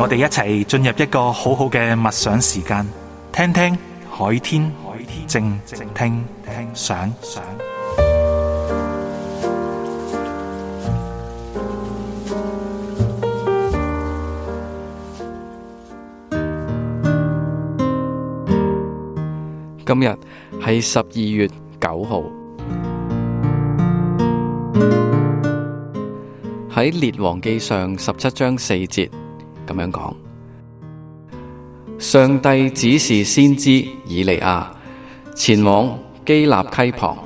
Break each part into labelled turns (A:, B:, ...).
A: 我哋一齊進入一個好好嘅默想時間，聽聽海天靜靜聽想。
B: 今日係十二月九號，喺列王記上十七章四節。咁樣講，上帝指示先知以利亞前往基立溪旁，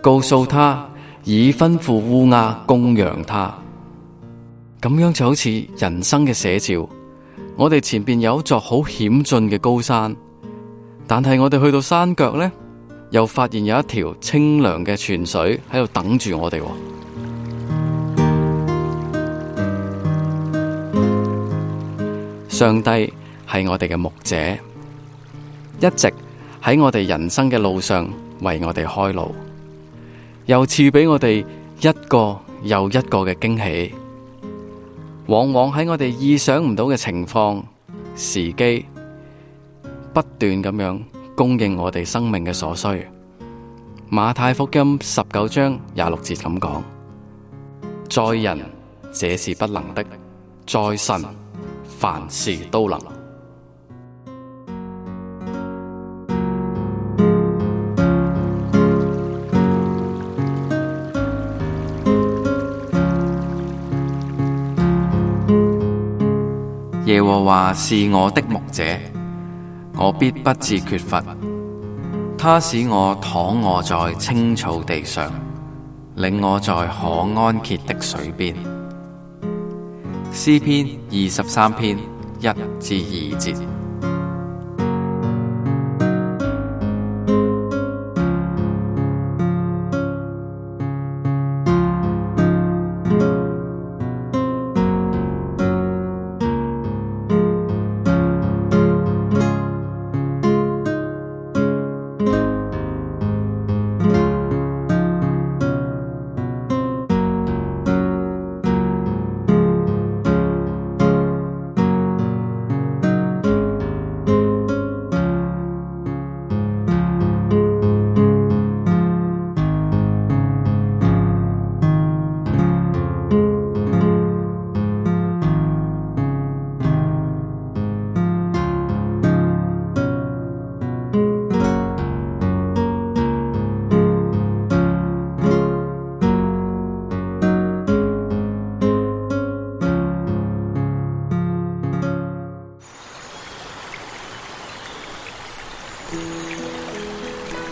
B: 告訴他已吩咐烏鴉供養他。咁樣就好似人生嘅寫照，我哋前邊有一座好險峻嘅高山，但係我哋去到山腳呢，又發現有一條清涼嘅泉水喺度等住我哋。上帝係我哋嘅牧者，一直喺我哋人生嘅路上為我哋開路，又賜俾我哋一個又一個嘅驚喜。往往喺我哋意想唔到嘅情況、時機，不斷咁樣供應我哋生命嘅所需。馬太福音十九章廿六節咁講：在人這是不能的，在神，凡事都能。耶和華是我的牧者，我必不致缺乏。他使我躺臥在青草地上，領我在可安歇的水邊。詩篇二十三篇一至二節。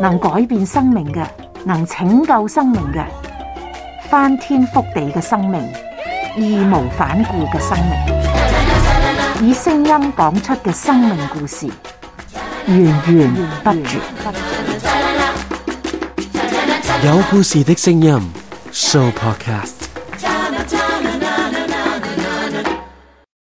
A: 能改變生命嘅，能拯救生命嘅，翻天覆地嘅生命，義無反顧嘅生命，以聲音講出嘅生命故事，源源不絕。有故事的聲音，Sooo Podcast。